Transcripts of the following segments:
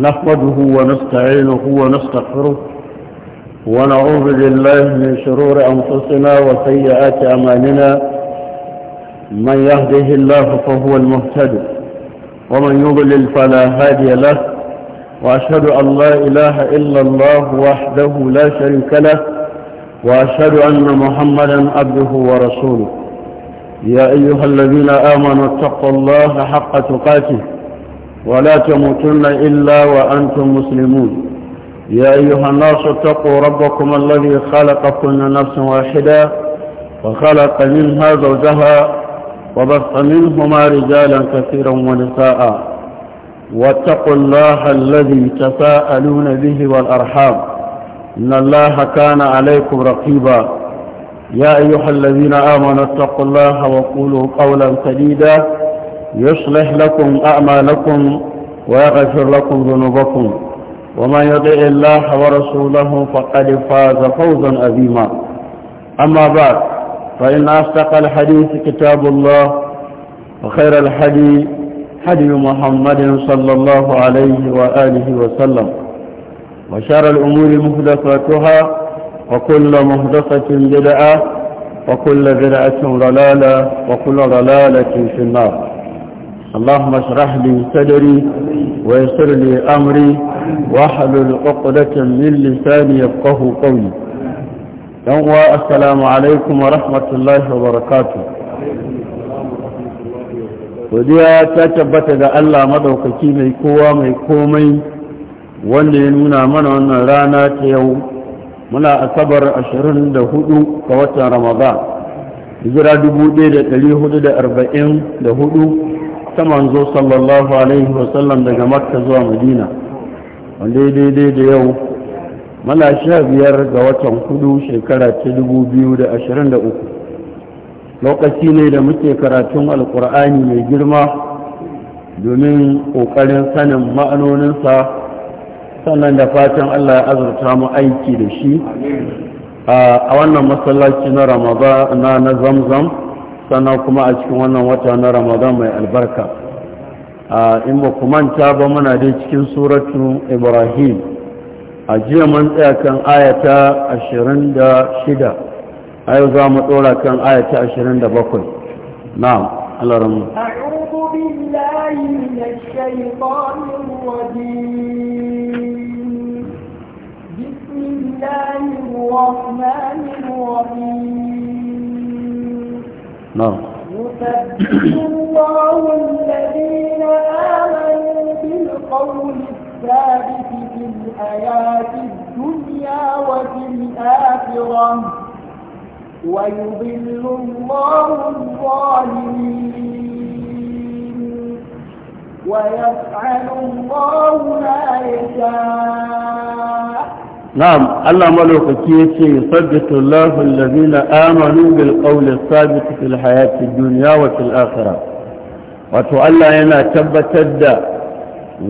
نحمده ونستعينه ونستغفره ونعوذ بالله من شرور أنفسنا وسيئات أماننا من يهده الله فهو المهتد ومن يضلل فلا هادي له وأشهد أن لا إله إلا الله وحده لا شريك له وأشهد أن محمدا عبده ورسوله يا أيها الذين آمنوا اتقوا الله حق تقاته ولا تموتن إلا وأنتم مسلمون يا أيها الناس اتقوا ربكم الذي خلق كل نفس واحدة وخلق منها زوجها وبث منهما رجالا كثيرا ونساء واتقوا الله الذي تساءلون به والأرحام إن الله كان عليكم رقيبا يا أيها الذين آمنوا اتقوا الله وقولوا قولا سديدا يصلح لكم أعمالكم ويغفر لكم ذنوبكم ومن يطع الله ورسوله فقد فاز فوزا أذيما أما بعد فإن أصدق الحديث كتاب الله وخير الحديث حديث محمد صلى الله عليه وآله وسلم وشر الأمور مهدفاتها وكل مهدفة بدعة وكل بدعة ضلالة وكل ضلالة في النار اللهم اشرح لي صدري ويسر لي أمري واحلل عقدة من لساني يفقه قولي يوم السلام عليكم ورحمة الله وبركاته godiya ta tabbata ga Allah madaukaki mai kowa mai komai wanda ya nuna mana wannan rana ta yau muna asabar 24 ga watan ramadan hijira 1444 ta manzo sallallahu alaihi wasallam daga makka zuwa madina wanda ya daidai da yau mana sha biyar ga watan hudu shekara ta dubu biyu da ashirin da uku lokaci ne da muke karatun alkur'ani mai girma domin ƙoƙarin sanin ma'anoninsa sannan da fatan allah ya azurta mu aiki da shi a wannan masallaci na ramaba na na zamzam sannan kuma a cikin wannan wata na ramadan mai albarka in ba manta ba muna dai cikin suratu ibrahim a jiya man tsaya kan ayata 26 a yau za mu tsora kan ayata 27 da bakwai. Na بالله نعم يثبت الله الذين آمنوا بالقول الثابت في الحياة الدنيا وفي الآخرة ويضل الله الظالمين ويفعل الله ما يشاء نعم الله ملوكك يتي يثبت الله الذين آمنوا بالقول الثابت في الحياة الدنيا وفي الآخرة وتؤلى هنا تبتد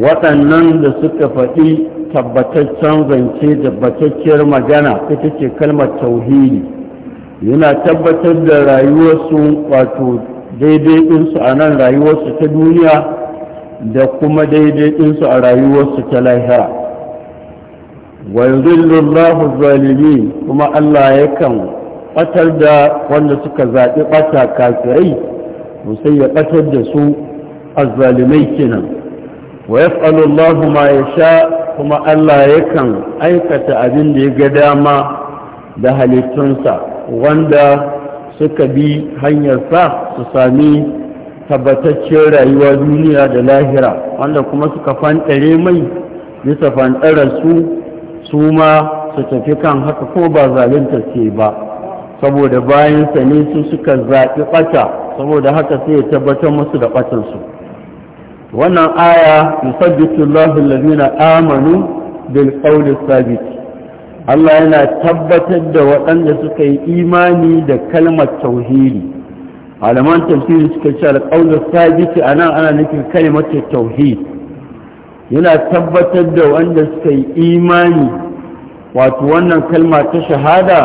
وطنن لسكفتي tabbataccen zance tabbatacciyar magana ita ce kalmar tauhidi yana tabbatar da rayuwarsu wato daidaiɗinsu a nan rayuwarsu ta duniya da kuma daidaiɗinsu a rayuwarsu ta lahira wa yuzillu Allahu kuma Allah yakan batar da wanda suka zaɓi ɓata kafirai sai ya batar da su azzalimai kenan wa yaf'alu Allahu ma sha kuma Allah yakan aikata abin da ya ga dama da halittunsa wanda suka bi hanyarsa su sami tabbatacciyar rayuwa duniya da lahira wanda kuma suka fanɗare mai bisa su. su ma su tafi kan haka ko ba zaluntar ce ba saboda bayan sa ne su suka zaɓi ɓata saboda haka sai ya tabbatar musu da ɓatansu wannan aya yusabbitu Allahu allazina amanu bil qawli sabit Allah yana tabbatar da waɗanda suka yi imani da kalmar tauhidi malaman tafsiri suka ce al-qawlu sabit anan ana nufin kalmar tauhid yana tabbatar da wanda suka yi imani wato wannan kalma ta shahada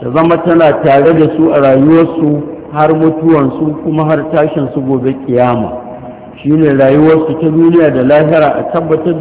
ta zama tana tare da su a rayuwarsu har mutuwansu kuma har tashinsu gobe kiyama shine rayuwarsu ta duniya da lahira a tabbatar